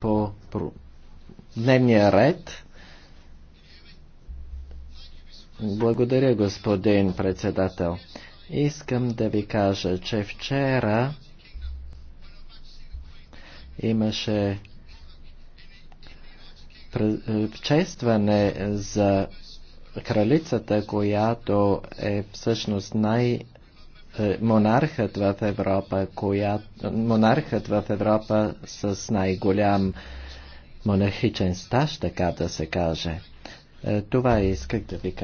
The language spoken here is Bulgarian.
по дневния ред. Благодаря, господин председател. Искам да ви кажа, че вчера имаше честване за кралицата, която е всъщност най- е, монархът в Европа, коя, монархът в Европа с най-голям монархичен стаж, така да се каже. Е, това исках да ви кажа.